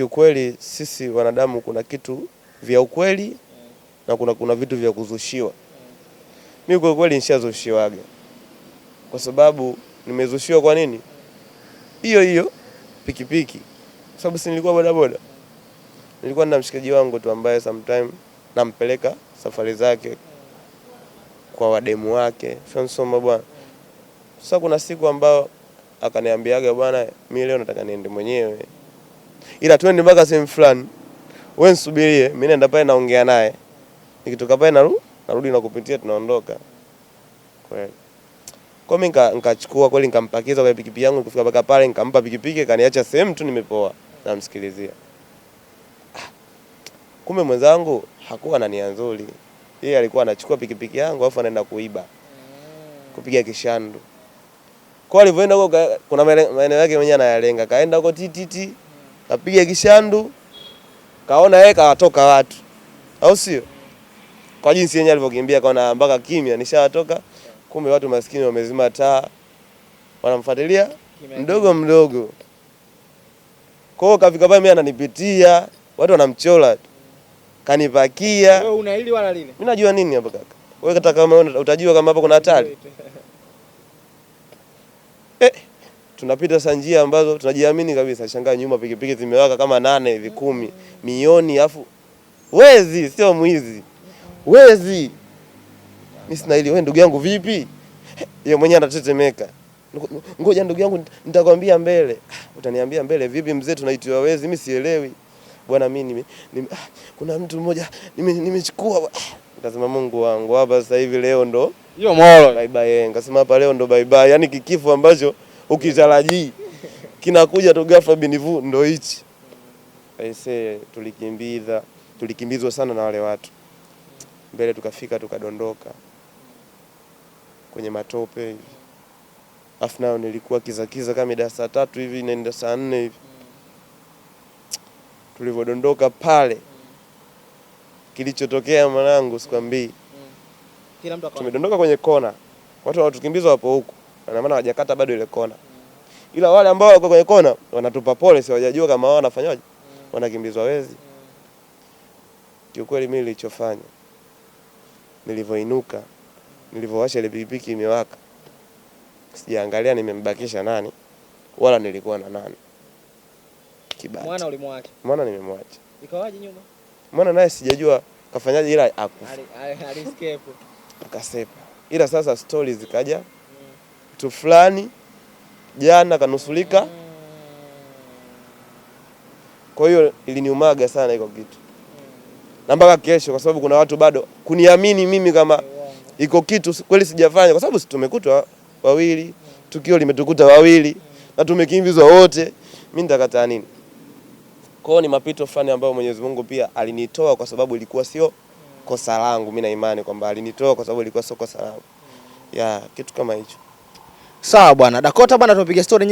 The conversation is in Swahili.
kiukweli sisi wanadamu kuna kitu vya ukweli na kuna, kuna vitu vya kuzushiwa. Mimi kwa kweli nishazushiwaga kwa sababu nimezushiwa. Kwa nini? hiyo hiyo pikipiki, kwa sababu si nilikuwa bodaboda, nilikuwa na mshikaji wangu tu ambaye sometime nampeleka safari zake kwa wademu wake shonsoma bwana. Sasa kuna siku ambayo akaniambiaga, bwana, mimi leo nataka niende mwenyewe ila twende mpaka sehemu fulani, wewe nisubirie, mimi naenda pale naongea naye, nikitoka pale naru, narudi nakupitia, tunaondoka kweli. Kwa mimi nikachukua kweli, nikampakiza kwa pikipiki yangu, nikafika mpaka pale, nikampa pikipiki, kaniacha sehemu tu, nimepoa namsikilizia. Ah, kumbe mwenzangu hakuwa na nia nzuri, yeye alikuwa anachukua pikipiki yangu alafu anaenda kuiba, kupiga kishandu. Kwa alivyoenda huko, kuna maeneo yake mwenyewe anayalenga, kaenda huko tititi kapiga kishandu, kaona yeye kawatoka watu, au sio? Kwa jinsi yenyewe alivyokimbia, kaona mpaka kimya, nishawatoka. Kumbe watu maskini wamezima taa, wanamfuatilia mdogo mdogo. Kwa hiyo kafika pale, mimi ananipitia, watu wanamchola kanipakia. Wewe una hili wala lile? Mimi najua nini hapa kaka, wewe hata kama utajua kama hapa kuna hatari eh tunapita sasa njia ambazo tunajiamini kabisa, shangaa nyuma pikipiki zimewaka kama nane hivi kumi mioni, afu wezi sio mwizi, wezi Mimi sina Ismaili. Wewe ndugu yangu vipi? Yeye mwenyewe anatetemeka. Ngoja ndugu yangu nitakwambia mbele. Utaniambia mbele vipi mzee, tunaitwa wezi? Mimi sielewi bwana, mimi ah, kuna mtu mmoja nimechukua Nikasema Mungu wangu, hapa sasa hivi leo ndo hiyo moro bye bye, eh, nikasema hapa leo ndo bye bye, yani kikifo ambacho ukitarajii kinakuja tu ghafla binivu ndo hichi aisee. Tulikimbiza, tulikimbizwa sana na wale watu mbele, tukafika tukadondoka kwenye matope hivi, afu nayo nilikuwa kizakiza kama mida saa tatu hivi naenda saa nne hivi. Tulivyodondoka pale, kilichotokea mwanangu, sikwambii. Tumedondoka kwenye kona, watu watukimbizwa wapo huku, na maana hawajakata bado ile kona ila wale ambao wako kwenye kona wanatupa pole, si wajajua kama wao wanafanyaje, wanakimbizwa wezi. Kiukweli mimi nilichofanya, nilivyoinuka, nilivyowasha ile pikipiki imewaka, sijaangalia nimembakisha nani wala nilikuwa na nani. Kibati mwana ulimwacha, mwana nimemwacha, ikawaje nyuma mwana naye sijajua kafanyaje, ila akufa akasepa. Ila sasa stories zikaja mm. mtu fulani jana kanusulika. Kwa hiyo iliniumaga sana iko kitu na mpaka kesho, kwa sababu kuna watu bado kuniamini mimi kama iko kitu kweli sijafanya, kwa sababu tumekutwa wawili, tukio limetukuta wawili na tumekimbizwa wote, mimi nitakataa nini? Kwa hiyo ni mapito fulani ambayo Mwenyezi Mungu pia alinitoa kwa sababu ilikuwa sio kosa langu. Mimi na imani kwamba alinitoa kwa sababu ilikuwa sio kosa langu ya kitu kama hicho. Sawa bwana Dakota bwana, tumepiga story nyingi.